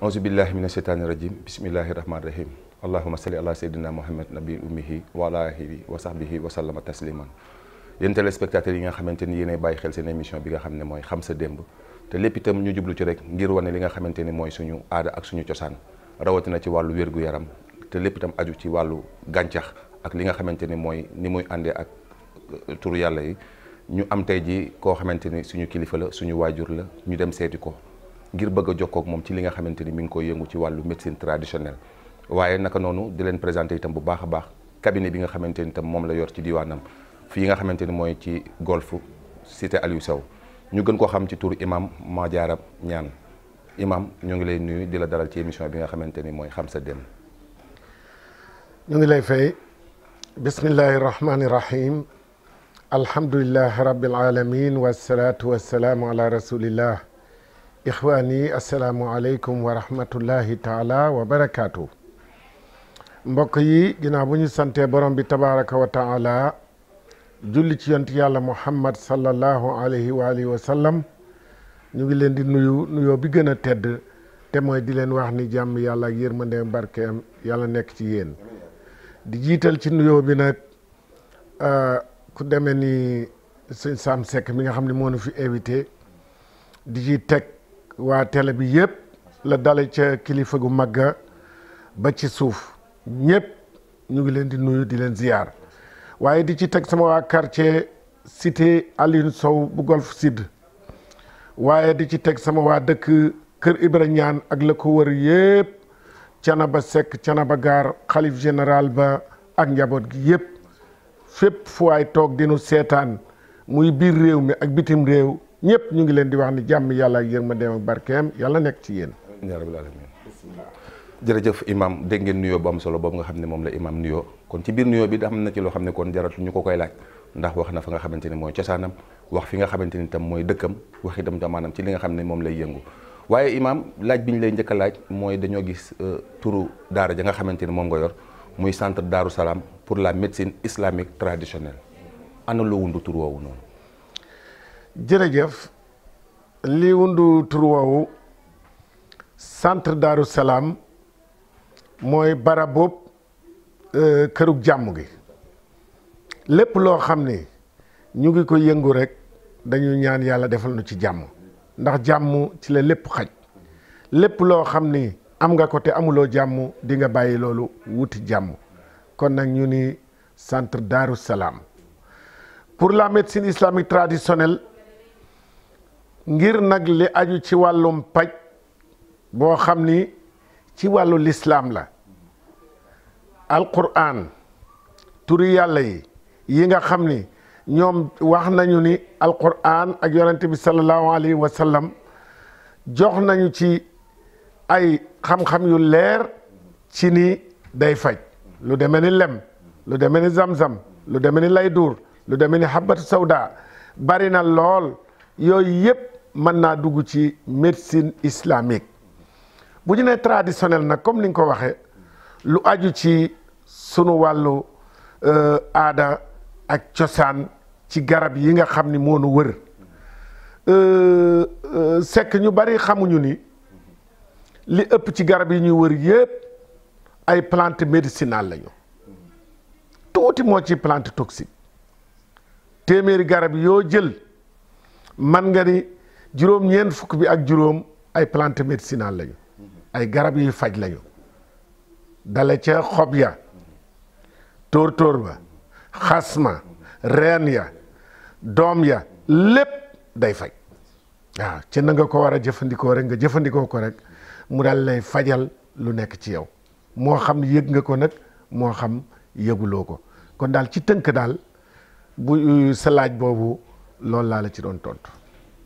auzu billahi mina sheytaani rajim bismillahi rahmaani rahim allahuma salli ala sayyidina muhammad nabi ummihi wa ala alihi wa sahbihi wa sallama tasliman yéen téléspectateurs yi nga xamante ni yéenay bàyyi xel seen émission bi nga xam ne mooy xam sa démb te lépp itam ñu jublu ci rek ngir wane li nga xamante ni mooy suñu aada ak suñu cosaan rawatina ci wàllu wérgu yaram te lépp itam aju ci wàllu gàncax ak li nga xamante ni mooy ni muy àndee ak euh, turu yàlla yi ñu am tey ji koo xamante ni suñu kilifa la suñu waajur la ñu dem seeti ko ngir bëgg a jokkoo moom ci li nga xamante ni mi ngi koy yëngu ci wàllu médecine traditionnelle waaye naka noonu di leen présenté itam bu baax a baax cabinet bi nga xamante ni itam moom la yor ci diwaanam fii nga xamante ni mooy ci golf cité Aliou sew ñu gën koo xam ci tur imam Madiara ñaan imam ñoo ngi lay nuyu di la daral ci émission bi nga xamante ni mooy xam sa dem ñu ngi lay fay bismillahi rahmani rahim alhamdulilah rabbil alamin wasalaatu wasalaamu ala rasulillah ixwaani asalaamualeykum wa rahmatullahi taala wa mbokk yi ginnaaw bu ñu santee borom bi tabaraka wa julli ci yonti yàlla muhammad sallallahu alayhi wa alihi sallam ñu ngi leen di nuyu nuyoo bi gën a tedd te mooy di leen wax ni jàmm yàlla ak yërmandeem barkeem yàlla nekk ci yéen di jiital ci nuyoo bi nag ah, ku deme ni sëñ Sam Seck mi nga xam ni moo nu fi invité di ci teg waa tele bi yépp la dale ca kilifa gu magga ba ci suuf ñëpp ñu ngi leen di nuyu di leen ziyaar waaye di ci teg sama waa quartier cité Alioune Sow bu Golf Sud waaye di ci teg sama waa dëkk Kër Ibra Ñaan ak la ko wër yëpp Canaba Seck Canaba Gaar xalif général ba ak njaboot gi yëpp fépp fu waay toog dinu seetaan muy biir réew mi ak bitim réew ñëpp ñu ngi leen di wax ni jàmm yàlla ak ma dem barkeem yàlla nekk ci yéen. yaa rabbal aalamiin jërëjëf imam dégg ngeen nuyoo bu solo boobu nga xam ne moom la imaam nuyoo kon ci biir nuyoo bi am na ci loo xam ne kon jaratu ñu ko koy laaj ndax wax na fa nga xamante ne mooy cosaanam wax fi nga xamante ni tam mooy dëkkam wax itam maanaam ci li nga xam ne moom lay yëngu waaye imam laaj bi ñu lay njëkk a laaj mooy dañoo gis euh, turu daara ja nga xamante ne moom nga yor muy centre Daaru Salaam pour la médecine islamique traditionnelle ana loo wundu tur woowu noonu jërëjëf li wundu tur centre Darou Salaam mooy baraboob euh, kërug jàmm gi lépp loo xam ni ñu ngi ko yëngu rek dañuy ñaan yàlla defal nu ci jàmm ndax jàmm ci la lépp xaj lépp loo xam ni am nga ko te amuloo jàmm di nga bàyyi loolu wuti jàmm kon nag ñu ni centre Darou Salaam pour la médecine islamique traditionnelle ngir nag li aju ci wàllum paj boo xam ni ci wàllu lislaam la alquran turi yàlla yi yi nga xam ni ñoom wax nañu ni alquran ak yonente bi sallallahu alayhi wa sallam jox nañu ci ay xam-xam yu leer ci ni day faj lu demee ni lem lu demee ni zamzam lu demee ni layduur lu demee ni habatu sawda bari na lool yooyu yëpp mën naa dugg ci médecine islamique bu ñu nee traditionnel nag comme ni nga ko waxe lu aju ci sunu wàllu euh, aada ak cosaan ci garab yi nga xam ni moo nu wër euh, euh, sekk ñu bari xamuñu ni li ëpp ci garab yi ñuy wër yépp ay plante médicinale lañu tuuti moo ci plante toxique téeméeri garab yoo jël man nga ni juróom-ñeent fukk bi ak juróom ay plante médicinale lañu ay garab yuy faj lañu dale ca xob ya tóor-tóor ba xasma reen ya doom ya lépp day faj waaw ci na nga ko war a jëfandikoo rek nga jëfandikoo ko rek mu dal lay fajal lu nekk ci yow moo xam yëg nga ko nag moo xam yëguloo ko kon daal ci tënk daal bu sa laaj boobu loolu laa la ci doon tontu.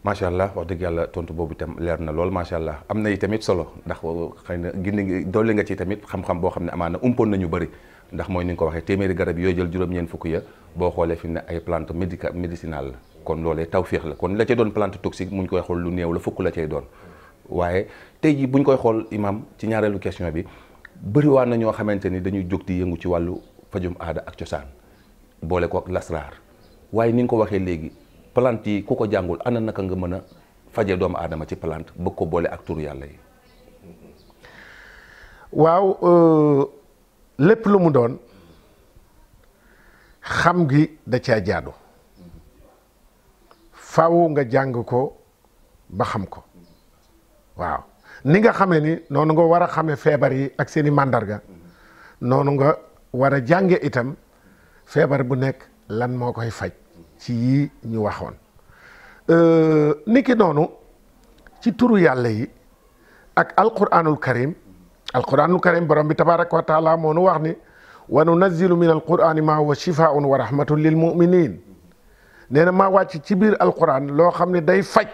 macha allah wax dëgg yàlla tontu boobu itam leer na lool macha allah am na itamit solo ndax xëy na gindi dolli nga ci tamit xam-xam boo xam ne amaana umpoon nañu bari ndax mooy ni ko waxee téeméeri garab yooyu jël juróom-ñeent fukk ya boo xoolee fi ne ay plante médica médicinale la kon loolee tawféex la kon la ca doon plante toxique muñ koy xool lu néew la fukk la cay doon waaye tey jii buñ koy xool imam ci ñaareelu question bi bëriwaan na ñoo xamante ni dañuy jóg di yëngu ci wàllu fajum aada ak cosaan boole ko ak waaye ni nga ko waxee léegi plante yi ku ko jàngul ana naka nga mën a fajee doomu aadama ci plante bëgg ko boole ak turu yàlla yi. waaw euh, lépp lu mu doon xam gi da caa jaadu faw nga jàng ko ba xam ko waaw ni nga xamee ni noonu nga war a xamee feebar yi ak seeni màndarga noonu nga war a jànge itam feebar bu nekk lan moo koy faj ci yi ñu waxoon euh, niki noonu ci turu yàlla yi ak alquranul karim alquranul karim borom bi tabaraka wa taala moo nu wax ni wa nunazilu min alqurani ma huwa wa rahmatun lil muminin nee na maa wàcc ci biir alquran loo xam ne day faj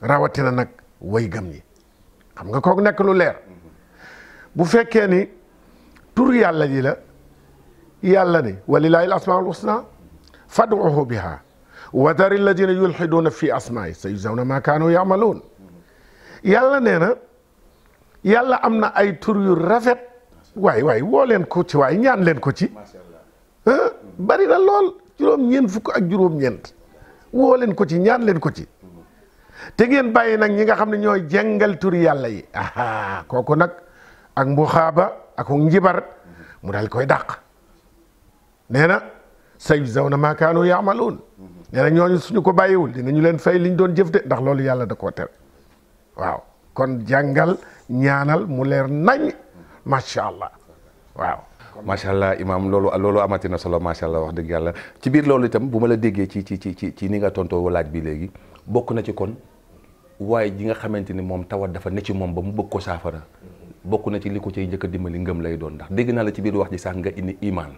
rawatina nag way gëm ñi xam nga kook nekk lu leer bu fekkee ni tur yàlla yi la yàlla ni walilahi al asmaul fad'uhu bi wa dari alladina yulhiduuna fi asmaa'i sayujzawna ma kaanu ya'maluun yàlla nee na yàlla am na ay tur yu rafet waay waay woo leen ko ci waay ñaan leen ko ci bari na lool juróom-ñeent fukk ak juróom-ñeent woo leen ko ci ñaan leen ko ci te ngeen bàyyi nag ñi nga xam ne ñooy jàngal tur yàlla yi aha kooku nag ak mbuxaaba ak njibar mu daal koy dàq nee sayujzawna maa kaanu yaamaluun nee na ñooñu suñu ko bàyyiwul dinañu leen fay liñ doon jëf de ndax loolu yàlla da koo tere waaw kon jàngal ñaanal mu leer nañ macha allah waaw. macha allah imaam loolu loolu amati na solo macha allah wax dëgg yàlla ci biir loolu itam bu ma la déggee ci ci ci ci ci ni nga tontoo laaj bi léegi bokk na ci kon waaye ji nga xamante ni moom tawat dafa ne ci moom ba mu bëgg ko saafara bokk na ci li ko cay njëkk dimbali ngëm lay doon ndax dégg naa la ci biir wax ji sax nga indi imaan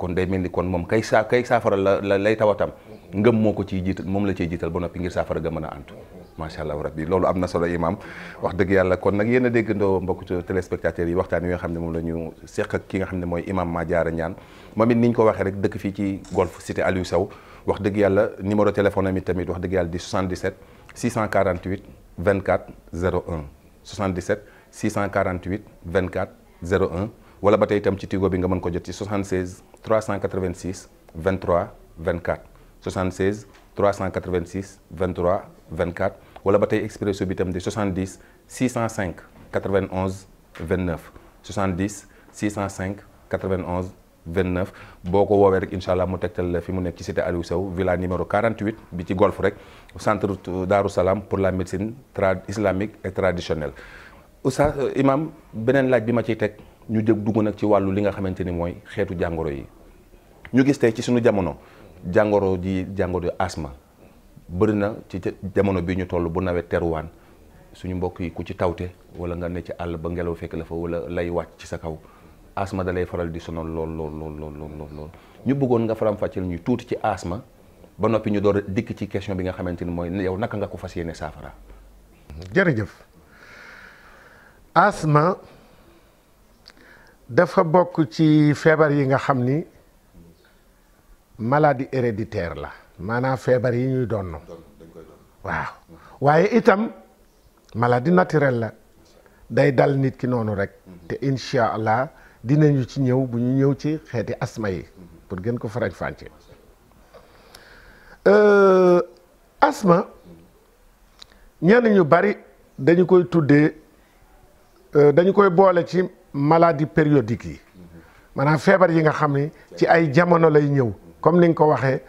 kon day mel ni kon moom kay saa kay saafara la lay tawatam ngëm moo ko ci jiital moom la ciy jiital ba noppi ngir saafara ga mën a antu macha allah rabbi loolu am na solo imam wax dëgg yàlla kon nag yéen a déggandoo mbokk téléspectateurs yi waxtaan yi nga xam ne moom la ñu seq ki nga xam ne mooy imam Ma Diarra Niane moom it ni ñu ko waxee rek dëkk fii ci golf cité Aliou Sow wax dëgg yàlla numéro téléphone am tamit wax dëgg yàlla di 77 648 24 01 77 648 24 01 wala ba tey itam ci Tigo bi nga mën ko jot ci 76 386 23 24 76 386 23 24 wala ba tey Expresso bi itam di 70 605 91 29 70 605 91 29 boo ko woowee rek incha allah mu tegtal la fi mu nekk ci cité Aliou Sow villa numéro 48 bi ci golf rek centre Darou pour la médecine trad islamique et traditionnelle Oustaz euh, beneen laaj bi ma ciy teg. ñu jëg dugg nag ci wàllu li nga xamante ni mooy xeetu jàngoro yi ñu gis tey ci suñu jamono jàngoro ji jàngoro asma bëri na ci jamono bi ñu toll bu nawet teruwaan suñu mbokk yi ku ci tawte wala nga ne ci àll ba ngelaw fekk la fa wala lay wàcc ci sa kaw asma da lay faral di sonal lool lool lool lool ñu bëggoon nga faram-fàcceel ñu tuuti ci asma ba noppi ñu door dikk ci question bi nga xamante ni mooy yow naka nga ko fas yéene saafara. jërëjëf asma. dafa bokk ci feebar yi nga xam ni maladie héréditaire la maanaam feebar yi ñuy donn waaw waaye itam maladie naturel la day dal nit ki noonu rek te incha allah dinañu ci ñëw bu ñu ñëw ci xeeti asma yi pour gën ko farañ fànce euh, asma ñenn ñu bari dañu koy tuddee euh, dañu koy boole ci maladie périodique yi maanaam feebar yi nga xam ni ci ay jamono lay ñëw comme ni nga ko waxee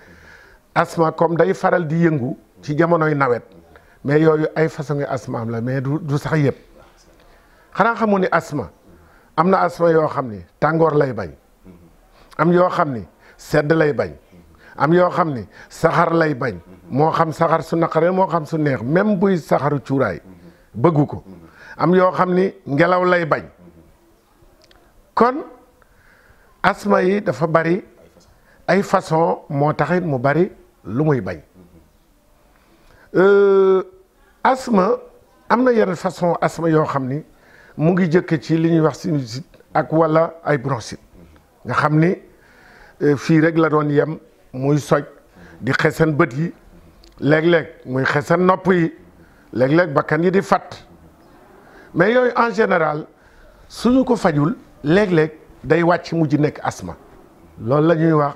asma comme day faral di yëngu ci jamonoy nawet mais yooyu ay façon yi asma am la mais du sax yëpp xanaa xamu ni asma am na asma yoo xam ni tàngoor lay bañ am yoo xam ni sedd lay bañ am yoo xam ni saxar lay bañ moo xam saxar su naqaree moo xam su neex même buy saxaaru cuuraay bëggu ko am yoo xam ni ngelaw lay bañ kon asma yi dafa bari ay façon moo taxit mu bari lu muy bañ euh, asma am na yenn façon asma yoo xam ni mu ngi jëkke ci li ñuy wax sinusite ak walla ay bronchite nga xam ni euh, fii rek la doon yem muy soj di xesan bët yi léeg-léeg muy xesan nopp yi léeg-léeg bakkan yi di fat mais yooyu en général suñu ko fajul léeg-léeg day wàcc mujj nekk asthme loolu la ñuy wax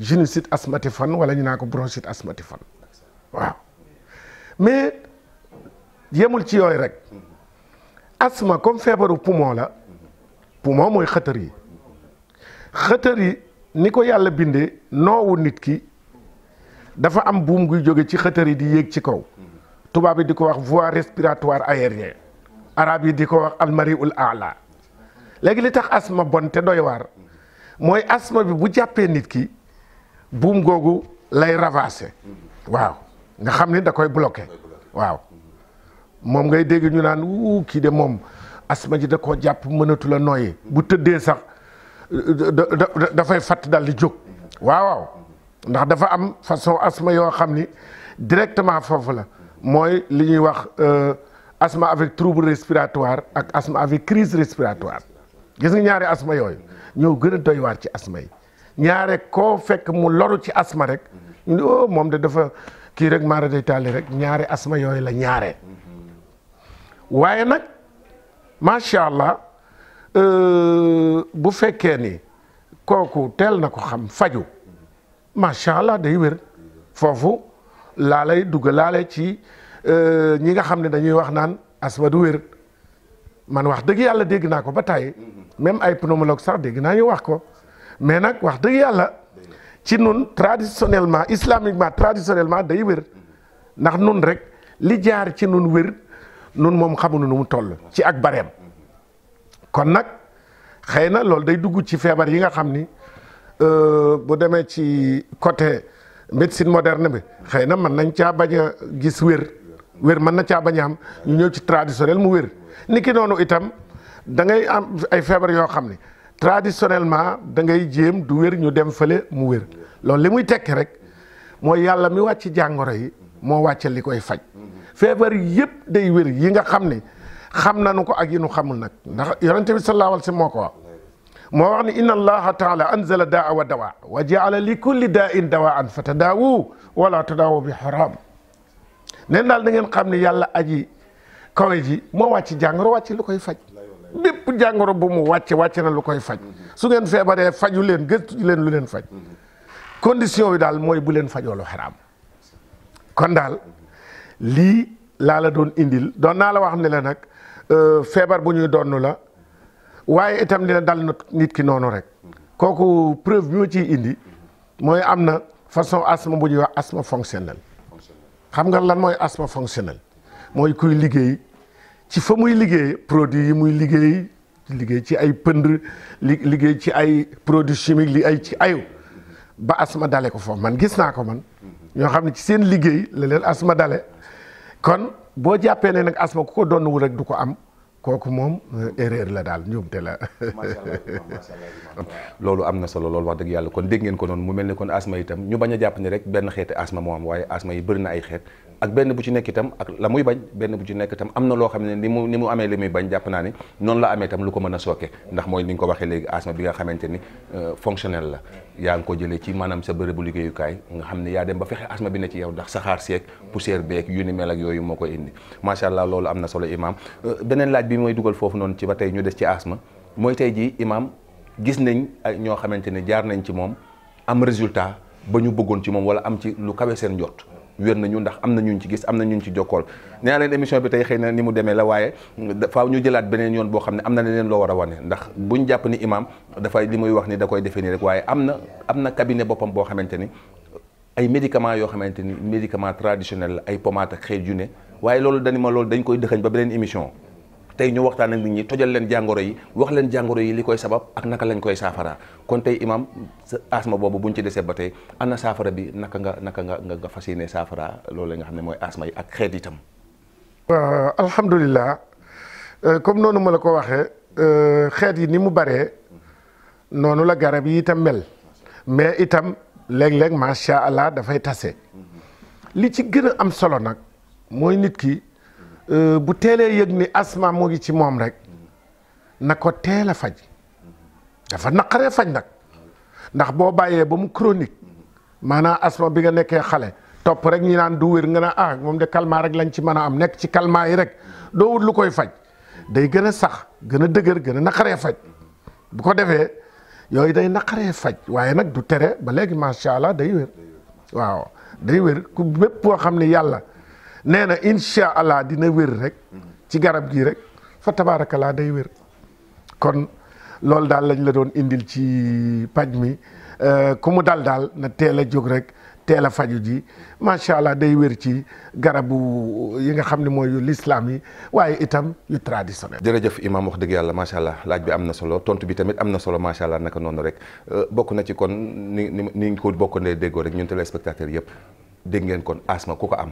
sinusite asthmatiforme wala ñu naa ko bronchite fan waaw mais yemul ci yooyu rek asthme comme feebaru poumon la poumon mooy xëtër yi xëtër yi ni ko yàlla bindee noowu nit ki dafa am buum guy jóge ci xëtër yi di yéeg ci kaw tubaab yi di ko wax voie respiratoire aérienne arab yi di ko wax almari ul ala léegi li tax asma bon te doy waar mooy asma bi bu jàppee nit ki buum googu lay ravager waaw nga xam ni da koy bloqué waaw moom ngay dégg ñu naan wuu kii de moom asma ji de koo jàpp mënatu la noyyi bu tëddee sax dafay fatt dal di jóg waaw waaw ndax dafa am façon asma yoo xam ni directement foofu la mooy li ñuy wax euh, asthme avec trouble respiratoire ak asthme avec crise respiratoire gis nga ñaari asma yooyu ñoo gën a doy waar ci asma yi ñaare koo fekk mu loru ci asma rek ñu oh moom de dafa kii rek maara day taali rek ñaari asma yooyu la ñaare waaye nag macha allah euh, bu fekkee ni kooku teel na ko xam faju macha allah day wér foofu laalay dugg laale ci euh, ñi nga xam ne dañuy wax naan asma du wér man wax dëgg yàlla dégg naa ko ba tàyyi même ay pneumologue sax dégg naa ñu wax ko mais nag wax dëgg yàlla ci nun traditionnellement islamiquement traditionnellement day wér ndax nun rek li jaar ci nun wér nun moom xamu nu mu toll ci ak bareem kon nag xëy na loolu day dugg ci feebar yi nga xam ni euh, bu demee ci côté médecine moderne bi xëy na mën nañ caa bañ a gis wér wér mën na caa bañ am ñu ñëw ci traditionnel mu wér niki noonu itam da ngay am ay feebar yoo xam ne traditionnellement da ngay jéem du wér ñu dem fale mu wér loolu li muy tekki rek mooy yàlla mi wàcc jàngoro yi moo wàcce li koy faj feebar yëpp day wér yi nga xam ne xam nu ko ak yi nu xamul nag ndax yonente bi sallallahu alayhi wa moo ko wax moo wax ni inna allaha taala anzala daa wa dawa wa jaala li kulli daa in dawa an fa tadaawu wala tadaawu bi xaraam neen daal da ngeen xam ne yàlla aji kawe ji moo wàcc jàngoro wàcc li koy faj bépp jàngoro bu mu wàcce wàcce na lu koy faj su ngeen feebaree faju leen gëstu leen lu leen faj condition yi daal mooy bu leen fajoo lu xaraam kon daal lii laa la doon indil doon naa la wax ne la nag euh, feebar bu ñuy donn la waaye itam dina dal na nit ki noonu rek kooku preuve bi ma ciy indi mooy am na façon asthme bu ñuy wax asthme fonctionnel xam nga lan mooy asthme fonctionnel mooy kuy liggéey ci fa muy liggéey produits yi muy liggéey liggéey ci ay pënd liggéey ci ay produits chimiques li ay ci ayu ba asma dale ko foofu man gis naa ko man ñoo xam ne ci seen liggéey la leen asma dale kon boo jàppee ne nag asma ku ko donn wu rek du ko am kooku moom euh, erreur la daal njuumte la. loolu am na solo loolu wax dëgg yàlla kon dégg ngeen ko noonu mu mel ni kon asma itam ñu bañ a jàpp ne rek benn xeeti asma moo am waaye asma yi bëri na ay xeet ak benn bu ci nekk itam ak la muy bañ benn bu ci nekk itam am na loo xam ne ni mu ni mu amee li muy bañ jàpp naa ni noonu la amee itam lu ko mën a sooke ndax mooy ni nga ko waxee léegi asthme bi nga xamante ni euh, fonctionnel la yaa ngi ko jëlee ci maanaam sa bërëbu liggéeyukaay nga xam ne yaa dem ba fexe asthme bi ne ci yow ndax saxaar seeg poussière beeg yu ni mel moo koy indi macha allah loolu am na solo imam euh, beneen laaj bi mooy dugal foofu noonu ci ba tey ñu des ci asthme mooy tey jii imam gis nañ ay ñoo xamante ne jaar nañ ci moom am résultat ba ñu bëggoon ci moom wala am ci lu kawe seen njot wér nañu ndax am na ñu ñu ci gis am na ñun ci jokkool nee leen émission bi tey xëy na ni mu demee la waaye faaw ñu jëlaat beneen yoon boo xam ne am na leneen loo war a wane ndax buñ jàpp ni imam dafay li muy wax ni da koy defee nii rek waaye am na am na cabinet boppam boo xamante ni ay médicaments yoo xamante ni médicament traditionnel la ay pommade ak xeet yu ne waaye loolu dañu ma loolu dañ koy dëxañ ba beneen émission tey ñu waxtaan ak nit ñi tojal leen jàngoro yi wax leen jàngoro yi li koy sabab ak naka lañ koy saafara kon tey imam asma boobu buñ ci desee ba tey ana saafara bi naka nga naka nga nga fas yéene saafara loolu nga xam ne mooy asma yi ak xeet itam waaw alhamdulilah euh, comme noonu ma la ko waxee euh, xeet yi ni mu baree noonu la garab yi itam mel mais itam léeg-léeg macha allah dafay tase li ci gën a am solo nag mooy nit ki Euh, bu teelee yëg ni asma mu ngi ci moom rek na ko teel a faj dafa naqaree faj nag ndax boo bàyyee ba mu chronique maanaam asma bi nga nekkee xale topp rek ñi naan du wér nga ne ah moom de calmant rek lañ ci mën a am nekk ci calmant yi rek doo wut lu koy faj day gën a sax gën a dëgër gën a naqaree faj bu ko defee yooyu day naqaree faj waaye nag du tere ba léegi macha allah day wér waaw day wér ku bépp boo xam ne yàlla. nee na incha allah dina wér rek ci garab gii rek fa tabaarakalaa day wér kon loolu daal lañ la doon indil ci paj mi euh, ku mu dal daal na teel a jóg rek teel a faju ji macha allah day wér ci garabu yi nga xam ni mooy yu lislaam yi waaye itam yu traditionnel. jërëjëf imam wax dëgg yàlla macha allah laaj bi am na solo tontu bi tamit am na solo macha allah naka noonu rek euh, bokk na ci kon ni ni ni ñu ko bokkandee déggoo rek ñun téléspectateurs yëpp dégg ngeen kon asma ku ko am.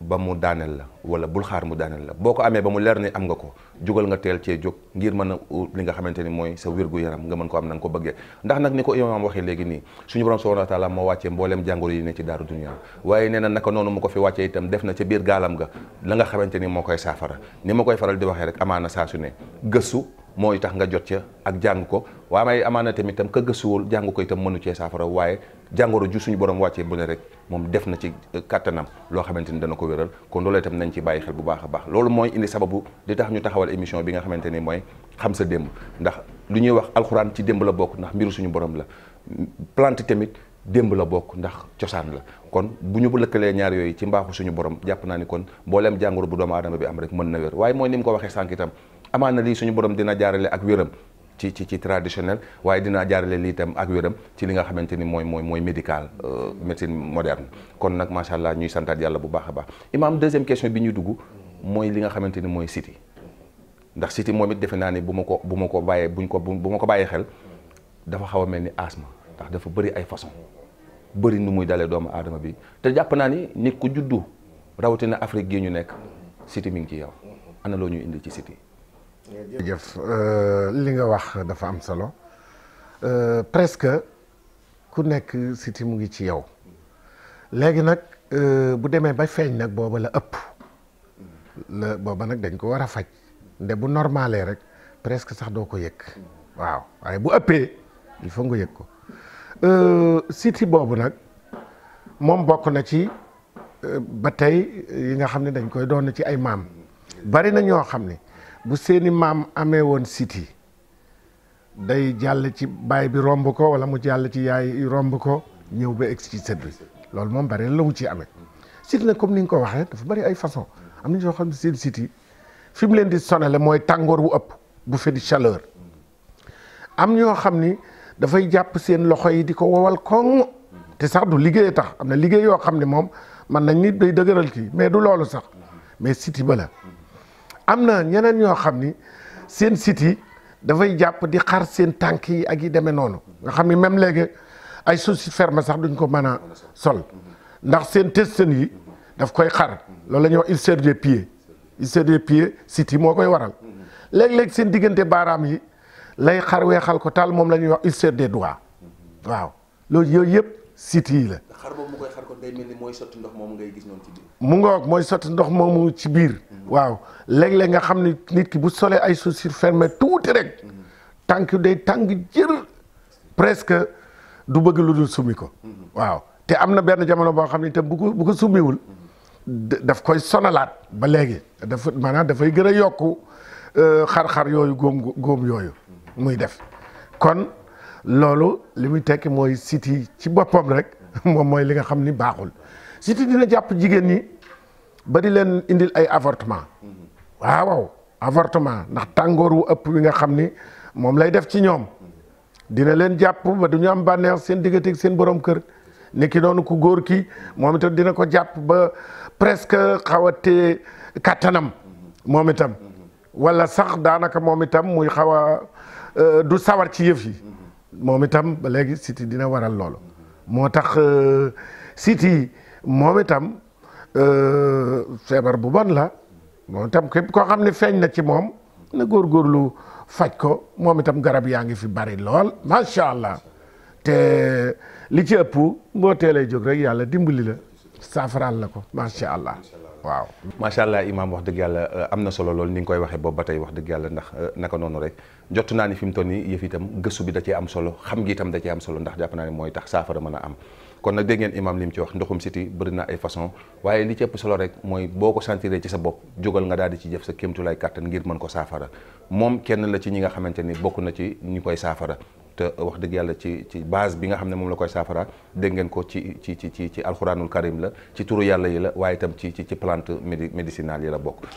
ba mu daaneel la wala bul xaar mu daaneel la boo ko amee ba mu leer ni am nga ko jugal nga teel cee jóg ngir mën a li nga xamante ni mooy sa wérgu yaram nga mën ko am na nga ko bëggee ndax nag ni ko imaam waxee léegi nii suñu borom subhanahu wa taala moo wàccee mbooleem jàngoro yi ne ci daaru dunya waaye nee na naka noonu mu ko fi wàccee itam def na ca biir gaalam ga la nga xamante ni moo koy saafara ni ma koy faral di waxee rek amaana saa su ne gëstu mooy tax nga jot ca ak jàng ko waaye amaana tamit itam ka gëstuwul jàng ko itam mënu cee saafara waaye jàngoro ju suñu borom wàccee bu ne rek moom def na ci euh, kàttanam loo xamante ni dana ko wéral kon loolu itam nañ ci bàyyi xel bu baax a baax loolu mooy indi sababu di tax ñu taxawal émission bi nga xamante ni mooy xam sa démb ndax lu ñuy wax alxuraan ci démb la bokk ndax mbiru suñu borom la plante tamit démb la bokk ndax cosaan la kon bu ñu lëkkalee ñaar yooyu ci mbaaxu suñu borom jàpp naa ni kon mbooleem jàngoro bu doomu aadama bi am rek mën na wér waaye mooy ni mu ko waxee sànq itam amaana lii suñu borom dina jaarale ak wéram ci ci ci traditionnel waaye dinaa jaarale lii itam ak wéram ci li nga xamante ni mooy mooy mooy médical euh, médecine moderne kon nag macha ñuy santaat yàlla bu baax a baax imaam deuxième question bi ñu dugg mooy li nga xamante ni mooy city ndax city moom it defe naa ni bu ma ko bu ma ko bàyyee buñ ko bu ma ko bàyyee xel dafa xaw a mel ni asthme ndax dafa bëri ay façon bëri nu muy dalee doomu aadama bi te jàpp naa ni nit ku juddu rawatina Afrique gi ñu nekk city mi ngi ci yow ana loo ñuy indi ci city jërëjëf euh, li nga wax dafa am solo euh, presque ku nekk siti mu ngi ci yow léegi nag euh, bu demee ba feeñ nag booba la ëpp la booba nag dañ ko war a faj nde bu normalee rek presque sax doo ko yëg waaw waaye bu ëppee il faut nga yëg ko siti boobu nag moom bokk na ci ba tey yi nga xam ne dañ koy doon ci ay maam bari na ñoo xam ni bu seeni maam amee woon siti day jàll ci baay bi romb ko wala mu jàll ci yaay romb ko ñëw ba egg ci sët bi loolu moom bari la mu ciy amee siti na comme ni nga ko waxee dafa bari ay façon am na ñoo xam ne seen siti fi mu leen di sonale mooy tàngoor wu ëpp bu fe di am ñoo xam ni dafay jàpp seen loxo yi di ko wowal koŋ te sax du liggéey tax am na liggéey yoo xam ne moom man nañ nit day dëgëral kii mais du loolu sax mais siti ba la am na ñeneen ñoo xam ni seen site yi dafay jàpp di xar seen tànk yi ak yi demee noonu nga xam ni même léegi ay chaussures fermées sax duñ ko mën a sol ndax seen testene yi daf koy xar loolu lañuy ñuy wax ulcère des pieds ulcère des pieds site moo koy waral léeg-léeg seen diggante baaraam yi lay xar weexal ko taal moom la ñuy wax ulcère des doigts waaw loolu yooyu yëpp site yi la. xar boobu mu koy xar ni mooy sotti ndox moomu ngay gis noonu ci biir. mu ngoog mooy sotti ndox moomu ci biir. Mm-hmm. waaw léeg-léeg nga xam ni nit ki bu solee ay chaussures fermées tuuti rek. Mm-hmm. tànk day tàng jër presque du bëgg lu dul summi ko. Mm-hmm. waaw te am na benn jamono boo xam ne itam bu ko bu summiwul. daf koy sonalaat ba léegi dafa maanaam dafay gën a yokku euh, xar-xar yooyu góom góom yooyu. muy def kon loolu li muy tekki mooy siti ci boppam rek. moom mooy li nga xam ni baaxul surtout dina jàpp jigéen ñi ba di leen indil ay avortement waaw avortement ndax tàngoor wu ëpp wi nga xam ni moom lay def ci ñoom dina leen jàpp ba du ñu am bànneex seen digganteeg seen borom kër ni ki noonu ku góor ki moom itam dina ko jàpp ba presque xaw a téye kattanam moom itam wala sax daanaka moom itam muy xaw a euh, du sawar ci yëf yi moom itam ba léegi siti dina waral loolu moo tax sites euh, yi moom itam euh, feebar bu bon la moom itam képp koo xam ne feeñ na ci moom na góorgóorlu faj ko moom itam garab yaa ngi fi bari lool macha allah te li ci ëpp boo teelee jóg rek yàlla dimbali la saafaraal la ko macha allah. waaw macha allah imaam wax dëgg yàlla euh, am na solo lool ni nga koy waxee boobu ba tey wax dëgg yàlla ndax euh, naka noonu rek jot naa ni fi mu nii yëf itam gëstu bi da cee am solo xam gi itam da am solo ndax jàpp naa ne mooy tax saafara mën a am kon nag dégg ngeen imaam li mu ci wax ndoxum siti bëri ay façon waaye li ci solo rek mooy boo ko sentiree ci sa bopp jógal nga daal di ci jëf sa kéemtulaay kàttan ngir mën ko saafara moom kenn la ci ñi nga xamante ni bokk na ci ñi koy saafara te wax dëgg yàlla ci ci base bi nga xam ne moom la koy saafara dégg ngeen ko ci ci ci ci ci alxuraanul karim la ci turu yàlla yi la waaye itam ci ci ci plante médicinale yi la bokk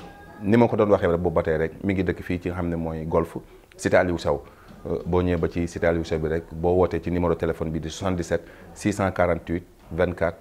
ni ma ko doon waxee rek boobu ba tey rek mi ngi dëkk fii ci nga xam ne mooy golf cité Aliou Sow euh, boo ñëwee ba ci cité Aliou Sow bi rek boo wootee ci numéro téléphone bi di 77 648 24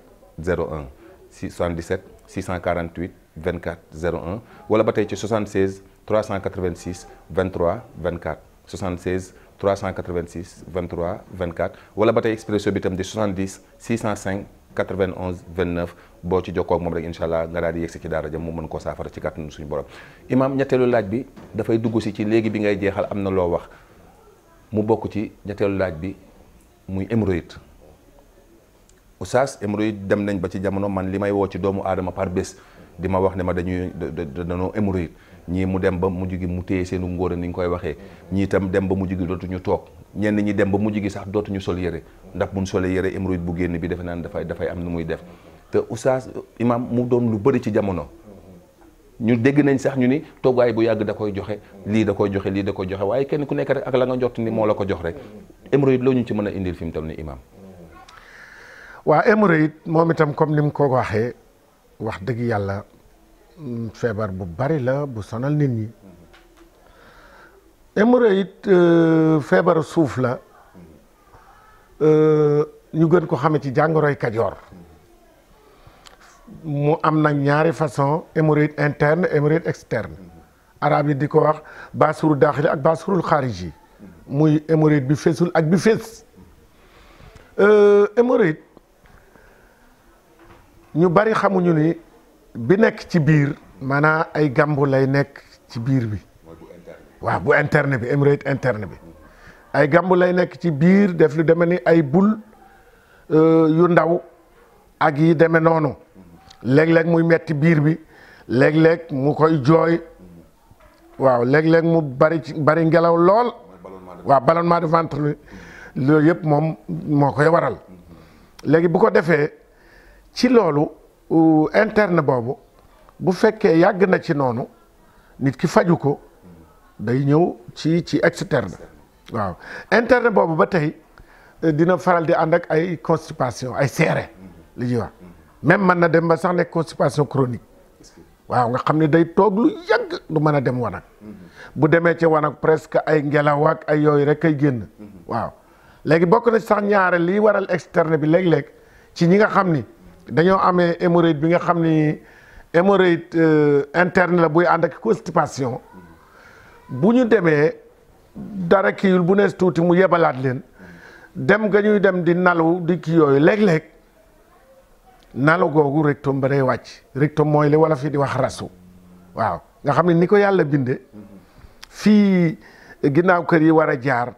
01 77 648 24 01 wala ba tey ci 76 386 23 24 76 386 23 24 wala ba tey expresso bi itam di 70 605 91 29 boo ci jokkoo ak moom rek incha allah nga daal di yegsi ci daara ja mu mën koo saafara ci kàttanu suñu borom imaam ñetteelu laaj bi dafay dugg si ci léegi bi ngay jeexal am na loo wax mu bokk ci ñetteelu laaj bi muy hémorroïde oustaz hémorroïde dem nañ ba ci jamono man li may woo ci doomu aadama par bés di ma wax ne ma dañuy danoo hémorroïde ñii mu dem ba mujj gi mu téye seenu ngóor ni ñu koy waxee ñii itam dem ba mujj gi dootuñu toog ñenn ñi dem ba mujj gi sax dootuñu sol yére ndax buñ solee yére hémorroïde bu génn bi defe naan dafay dafay am nu muy def te oustaz imam mu doon lu bari ci jamono ñu dégg nañ sax ñu ni toggaay bu yàgg da koy joxe lii da koy joxe lii da koy joxe waaye kenn ku nekk rek ak la nga jot ni moo la ko jox rek hémorroïde loo ñu ci mën a indil fi mu tam ni i waaw moom itam comme ni ko waxee wax dëgg yàlla feebar bu bari la bu sonal nit ñi hémorroïde euh, feebaru suuf la euh, ñu gën ko xame ci jàngoroy kajoor mu am na ñaari façon hémorroïde interne hémorroïde externe arab yi di ko wax basurul daaxili ak basurul xaariji muy hémorroïde bi feesul ak bi fees euh, hémorroïde ñu bari xamuñu ni bi nekk ci biir maanaam ay gambu lay nekk ci biir bi waaw bu interne bi émirate interne bi ay gambu lay nekk ci biir def lu demee ni ay bul euh, yu ndaw ak yi deme noonu léeg-léeg muy metti biir bi léeg-léeg mu koy jooy waaw léeg-léeg mu bari ci bari ngelaw lool waaw ballonnement de ventre bi loolu yëpp moom moo koy waral mm-hmm. léegi bu ko defee ci loolu interne boobu bu fekkee yàgg na ci noonu nit ki faju ko day ñëw ci ci externe waaw interne boobu ba tey euh, dina faral di ànd ak ay constipation ay seere li ñuy wax même mën na dem ba sax nekk constipation chronique waaw nga xam ni day toog lu yàgg du mën a dem wanag bu demee ci wanag presque ay ngelaw ak ay yooyu rek ay génn waaw léegi bokk na sax ñaare liy waral externe bi léeg-léeg ci ñi nga xam ni dañoo amee hémorroïde bi nga xam ni hémorroïde euh, interne la buy ànd ak constipation bu ñu demee dara kiiwul bu nees tuuti mu yebalaat leen dem nga ñuy dem di nalu di kii yooyu léeg nalu googu rectum ba day wàcc rectum mooy li wala fii di wax rasu waaw nga xam ne ni ko yàlla binde fii ginnaaw kër yi war a jaar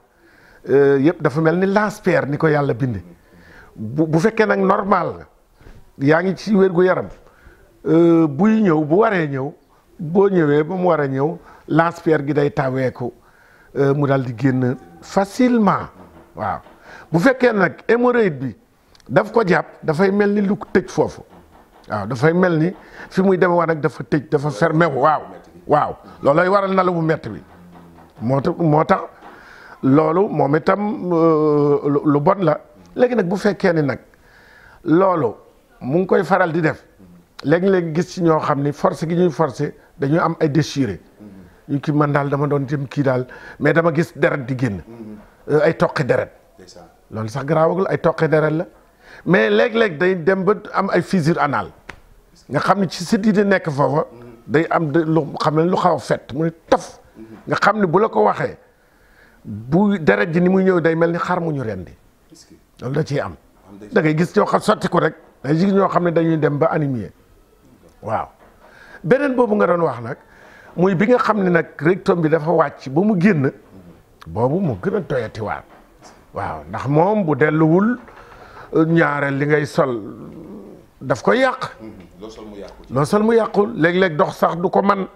euh, yëpp dafa mel ni laspère ni ko yàlla binde bu bu fekkee nag normal yaa ngi ci wér-gu-yaram euh, buy ñëw bu waree ñëw boo ñëwee ba mu war a ñëw lance gi day taweeku euh, mu daal di génn facilement waaw bu fekkee nag hémorroïde bi daf ko jàpp dafay mel ni lu tëj foofu waaw dafay mel ni fi muy demee nag dafa tëj dafa fermé wu waaw waaw loolooy waral na la mu métti bi moo tax moo tax loolu moom itam euh, lu bon la léegi nag bu fekkee ni nag loolu mu ngi koy faral di def léeg-léeg gis ci ñoo xam ni force gi ñuy forcé dañuy am ay déchiré ñu kii man daal dama doon jëm kii daal mais dama gis deret di génn euh, ay toqi deret loolu sax garaawagul ay toqi deret la mais léeg-léeg day dem ba am ay fissure anale nga xam ne ci sët yi di nekk foofa day am lu xam ne lu xaw a fett mu ne taf nga xam ne bu la ko waxee bu deret ji ni muy ñëw day mel ni xar mu ñu rendi loolu da ciy am da ngay gis ñoo xam sotti ko rek day gis ñoo xam ne dañuy dem ba animé waaw beneen boobu nga doon wax nag muy bi nga xam ne nag rectum bi dafa wàcc ba mu génn boobu mu gën a doyatiwaat waaw ndax moom bu delluwul ñaareel li ngay sol daf ko yàq. loo sol mu yàqul loo sol mu yàqul léeg-léeg dox sax du ko man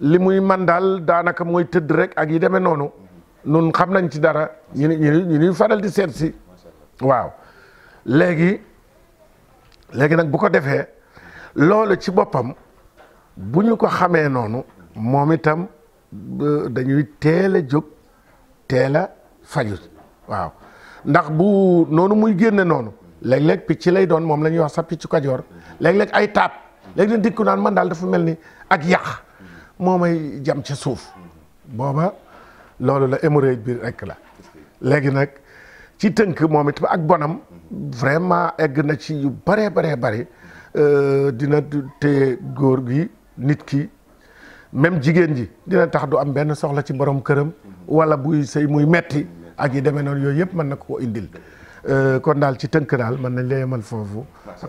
li muy man daal daanaka mooy tëdd rek ak yi demee noonu nun xam nañ ci dara ñu ni ñu ni di seet si waaw léegi. léegi nag bu ko defee loolu ci boppam bu ñu ko xamee noonu moom itam euh, dañuy teel a jóg teel a faju waaw ndax bu noonu muy génne noonu léeg-léeg picc lay doon moom la ñuy wax sa picc kajoor léeg-léeg ay taat léegi nag dikku naan man daal dafa mel ni ak yàq moom ay jam ca suuf booba loolu la hémorroïde bi rekk la léegi nag ci tënk moom it ak bonam vraiment egg na ci yu bëree baree bari euh, dina téye góor gi nit ki même jigéen ji dina tax du am benn soxla ci borom këram wala buy sëy muy metti ak yi demee noonu yooyu yëpp mën na ko ko indil Euh, kon daal ci tënk daal mën na la yemal foofu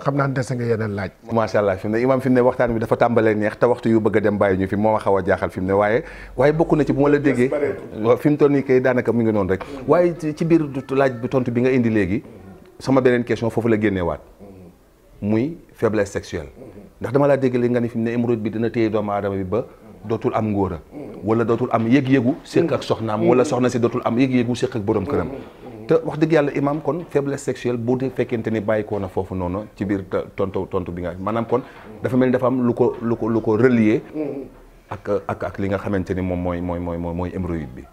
xam naa dese nga yeneen laaj macha allah fi ne imaam fi ne waxtaan bi dafa tàmbalee neex te waxtu yu bëgg a dem bàyyi ñu fi moo ma xaw a jaaxal fi mu ne waaye waaye bokk na ci bu ma la déggee fi mu toll nii kay daanaka mu ngi noonu rek waaye ci biir laaj bi tontu bi nga indi léegi sama beneen question foofu la waat muy faiblesse sexuelle ndax dama laa dégg li nga ne fi mu ne émeraude bi dina téye doomu aadama bi ba dootul am ngóora wala dootul am yëg-yëgu séq ak soxnaam wala soxna si dootul am yëg-yëgu séq ak borom te wax dëgg yàlla imaam kon faiblesse sexuelle bu dee fekkente ni bàyyi ko na foofu noonu ci biir tontu tontu bi nga maanaam kon dafa mel ni dafa am lu ko lu ko lu ko relier. ak ak ak li nga xamante ni moom mooy mooy mooy mooy hémorroïde bi.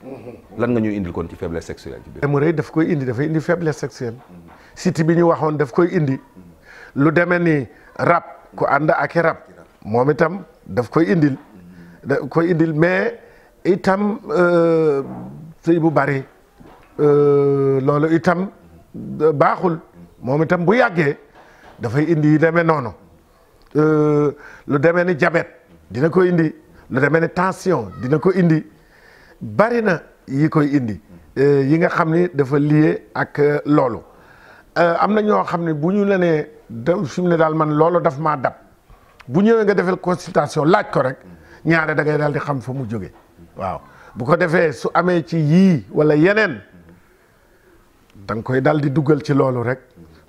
lan nga ñuy indil kon ci faiblesse sexuelle ci biir. hémorroïde daf koy indi dafay indi faiblesse sexuelle. siti bi ñu waxoon daf koy indi. lu demee ni rab ku ànd ak rab. moom itam daf koy indil. daf koy indil mais itam euh, sëy bu bari. Euh, loolu itam baaxul moom itam bu yàggee dafay indi yu demee noonu euh, lu demee ni diabète dina ko indi lu demee ni tension dina ko indi bari na yi koy indi euh, yi nga xam ni dafa lié ak loolu am na ñoo xam ne bu ñu la nee da fi ne daal man loolu daf maa dab bu ñëwee nga defal consultation laaj ko rek ñaare dangay daal di xam fa mu jóge waaw bu ko defee su amee ci yii walla yeneen da nga koy dal di dugal ci loolu rek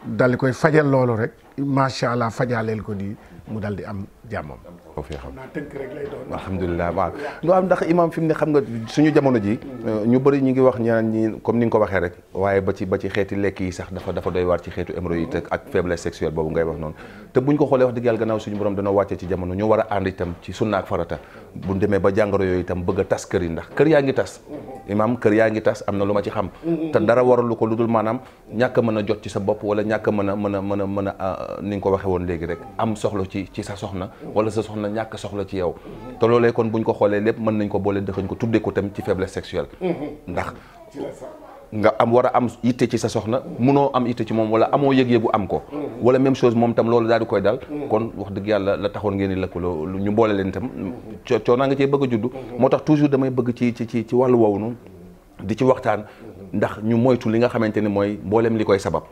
dal di koy fajal loolu rek macha allah fajaleel ko di mu dal di am jàmmam. tawféexam naa tënk rek alhamdulilah waaw am ndax imam fi ne xam nga suñu jamono ji euh, ñu bari ñu ngi wax ñaan ñi comme ni nga ko waxee rek waaye ba ci ba ci xeeti lekk yi sax dafa dafa doy waar ci xeetu hémorroïde ak faiblesse sexuelle boobu ngay wax noonu te buñ ko xoolee wax dëgg yàlla gannaaw suñu borom danoo wàccee ci jamono ñu a ànd itam ci sunna ak farata buñ demee ba jàngoro yooyu tam bëgg tas kër yi ndax kër yaa ngi tas mm-hmm. imam kër yaa ngi tas am na lu ma ci xam mm-hmm. te dara waralu ko lu dul maanaam ñàkk mën a jot ci sa bopp wala ñàkk mën a mën a mën a mën a euh, ni nga ko waxee woon léegi rek am soxla ci ci sa mm-hmm. sa soxna na ñàkk soxla ci yow te loolee kon bu buñ ko xoolee lépp mën nañ ko boole dëxañ ko tuddee ko tam ci faiblesse sexuelle ndax nga am war a am yitte ci sa soxna munoo am yitte ci moom wala amoo yëg-yëgu am ko wala même chose moom tam loolu daal di koy dal kon wax dëgg yàlla la taxoon ngeen di lëkkaloo ñu boole leen tam coonaa nga cee bëgg a judd moo tax toujours damay bëgg ci ci ci ci wàllu woowu noonu di ci waxtaan ndax ñu moytu li nga xamante ni mooy mbooleem li koy sabab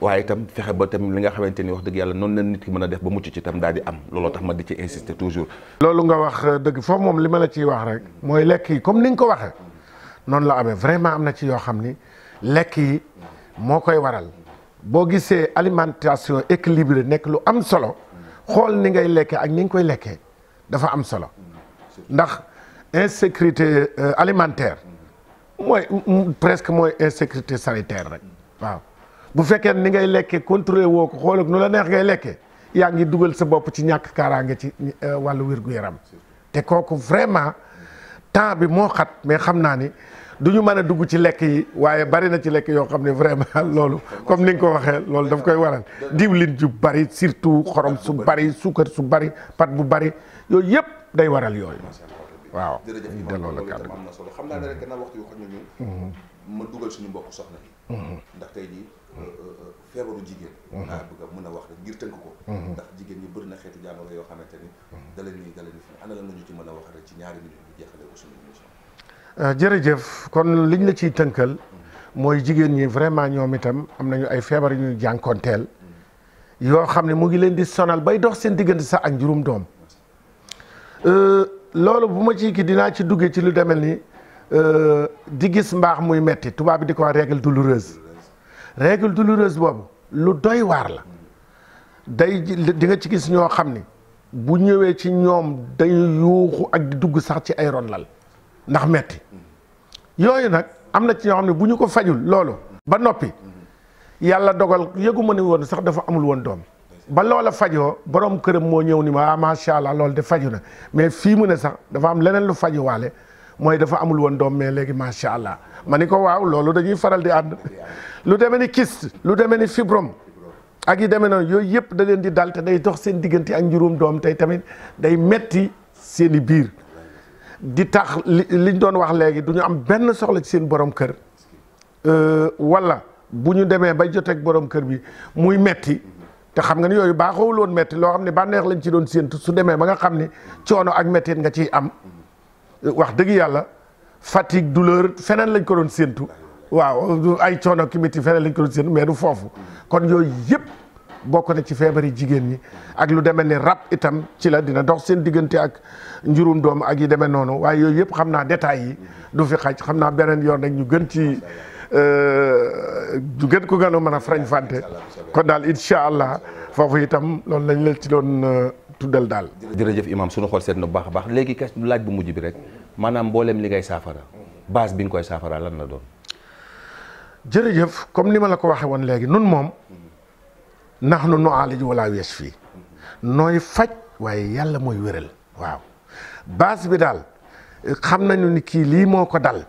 waaye itam fexe ba tam li nga xamante ni wax dëgg yàlla noonu la nit ki mën a def ba mucc ci tam daal di am looloo tax ma di ci insister toujours. loolu nga wax euh, dëgg foofu moom li ma la ciy wax rek mooy lekk yi comme ni ko waxee noonu la amee vraiment am na ci yoo xam ni lekk yi moo koy waral boo gisee alimentation équilibrée nekk lu am solo xool ni ngay lekkee ak ni nga koy lekkee dafa am solo ndax insécurité euh, alimentaire mooy presque mooy insécurité sanitaire rek waaw. bu fekkee ni ngay lekkee contrôlé woo ko xool nu la neex ngay lekkee yaa ngi dugal sa bopp ci ñàkk kaaraange ci euh, wàllu wér-gu-yaram te kooku vraiment temps bi moo xat mais xam naa ni du ñu mën a dugg ci lekk yi waaye bari na ci lekk yoo xam ne vraiment loolu comme ni nga ko waxee loolu daf koy waral diwlin ju bari surtout xorom su bari suukar su bari pat bu bari yooyu yëpp day waral yooyu waaw ñu delloo la kàddu am na solo xam naa ne rek na waxtu yu xam mm-hmm. ne suñu mbokk soxna feebaru a wax rek ngir yoo xamante ni mën a wax ci ñaari euh, jërëjëf kon liñ la ciy tënkal mooy jigéen ñi vraiment ñoom itam am nañu ay feebar yu ñuy jànkoonteel yoo xam ne mu ngi leen di sonal bay dox seen diggante sax ak juróom doom euh, loolu bu ma ci kii dinaa ci duggee ci lu demel ni euh, di gis mbaax muy metti tubaab bi di ko wax règle douloureuse règle douloureuse boobu lu doy waar la day di nga ci gis ñoo xam ni bu ñëwee ci ñoom dañu yuuxu ak dugg sax ci ay ron lal ndax metti yooyu nag am na ci ñoo xam ne bu ñu ko fajul loolu ba noppi yàlla dogal yëgu ma ne woon sax dafa amul woon doom ba loola fajoo borom këram moo ñëw ni ma ah macha allah loolu de faju na mais fii mu ne sax dafa am leneen lu fajuwaale mooy dafa amul woon doom mais léegi macha allah ma ni ko waaw loolu dañuy faral di ànd lu demee ni kyste lu demee ni fibrome ak yi demee noonu yooyu yëpp da leen di dal te day dox seen diggante ak njuróom doom tey tamit day metti seeni biir di tax li liñ doon wax léegi du ñu am benn soxla ci seen borom kër euh, walla bu ñu demee ba joteeg borom kër bi muy metti te xam nga ni yooyu baaxawul loon metti loo xam ne bànneex lañ ci doon séentu su demee ba nga xam ni coono ak mettit nga ciy am wax dëgg yàlla fatigue douleur feneen lañ ko doon séentu waaw ay coono ki miti feneen lañ ko seen mais du foofu kon yooyu yëpp bokk na ci feebari jigéen ñi ak lu demee ni rab itam ci la dina dox seen diggante ak njurum doom ak yu demee noonu waaye yooyu yëpp xam naa détails yi du fi xaj xam naa beneen yoon rek ñu gën ci ñu euh, gën ko gën a mën a frañ fante kon daal incha allah foofu itam loolu lañ la ci doon euh, tuddal daal jërëjëf imam suñu xool seet na bu baax baax léegi kas laaj bu mujj bi rek maanaam mboolem li saafara base bi nga koy saafara lan la doon jërëjëf comme ni ma la ko waxee woon léegi nun moom nax nu nu alij wala wees fii nooy faj waaye yàlla mooy wéral waaw baas bi daal xam nañu ni kii lii moo ko dal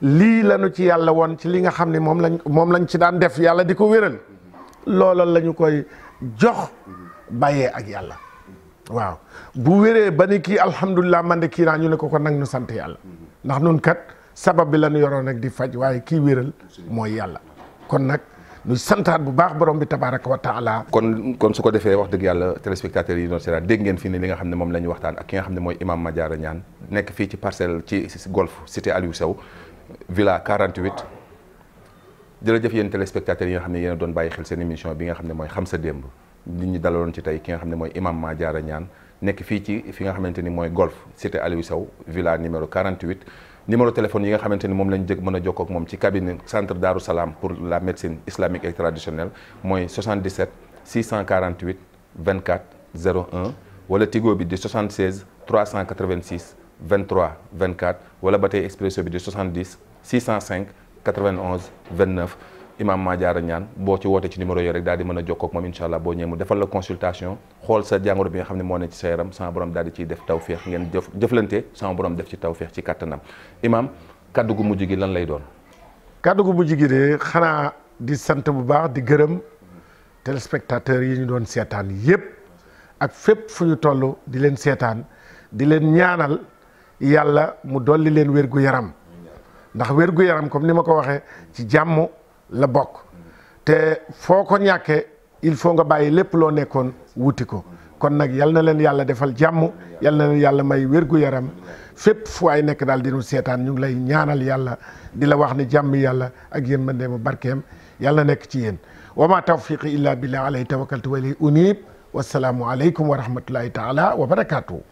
lii lañu ci yàlla woon ci li nga xam ni moom lañ moom lañ ci daan def yàlla di ko wéral loola lañu koy jox bàyyee ak yàlla waaw bu wéree ba ni kii alhamdulilah man de kii naa ñu ne ko ko nag nu sant yàlla ndax nun kat sabab bi la ñu yoroon nag di faj waaye kii wéral mooy yàlla kon nag ñu santaat bu baax borom bi tabaaraka wa taala kon kon su ko defee wax dëgg yàlla téléspectateurs yi doon seetaan dégg ngeen fii ne li nga xam ne moom la ñu waxtaan ak ki nga xam ne mooy imam Madiara Niane nekk fii ci parcelle ci golf cité Aliou Sow villa yi nga xam ne yéen doon bàyyi xel seen émission bi nga xam ne mooy xam sa démb li ñu tey ki nga xam ne mooy imam Madiara Niane nekk fii ci fi nga xamante ni mooy golf cité Aliou Sow villa numéro 48 numéro téléphone yi nga xamante ni moom lañ ñu jëg mën a jokkoo ak moom ci cabinet centre Darou Salam pour la médecine islamique et traditionnelle mooy 77 648 24 01 wala Tigo bi di 76 386 23 24 wala ba tey Expresso bi di 70 605 91 29. imam Maa Jaara ñaan boo ci woote ci numéro yooyu rek daal di mën a jokkoo ak moom incha allah boo ñëwee mu defal la consultation xool sa jàngoro bi nga xam ne moo ne ci sa yaram sama borom daal di ciy def tawféex ngeen jëf jëflante sama borom def ci tawféex ci kattanam imam kaddu gu mujj gi lan lay doon. kaddu gu mujj gi de xanaa di sant bu baax di gërëm téléspectateurs yi ñu doon seetaan yépp ak fépp fu ñu toll di leen seetaan di leen ñaanal yàlla mu dolli leen wér yaram ndax wér yaram comme ni ma ko waxee ci jàmm. la bokk te foo ko ñàkkee il faut nga bàyyi lépp loo nekkoon wuti ko kon nag yal na leen yàlla defal jàmm yal na leen yàlla may wér yaram fépp fu ay nekk daal di nu seetaan ñu ngi lay ñaanal yàlla di la wax ne jàmm yàlla ak yéen de mu barkeem yàlla nekk ci yéen wa ma tawfiqi illa billah alayhi tawakkaltu wa ilayhi unib wasalaamu aleykum wa rahmatullahi taala wa barakatuhu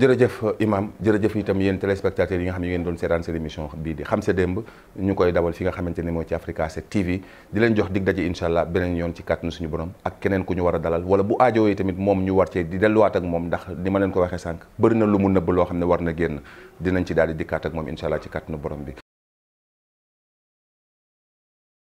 jërëjëf imam jërëjëf itam yéen téléspectateurs yi nga xam ne ngeen doon seetaan seen émission bii di xam sa démb ñu koy dawal fi nga xamante ni mooy ci Africa 7 TV di leen jox dig daje incha beneen yoon ci kàttanu suñu borom ak keneen ku ñu war a dalal wala bu aajoo yi tamit moom ñu war cee di delluwaat ak moom ndax ni ma leen ko waxee sànq bëri na lu mu nëbb loo xam ne war na génn dinañ ci daal di dikkaat ak moom incha allah ci kàttanu borom bi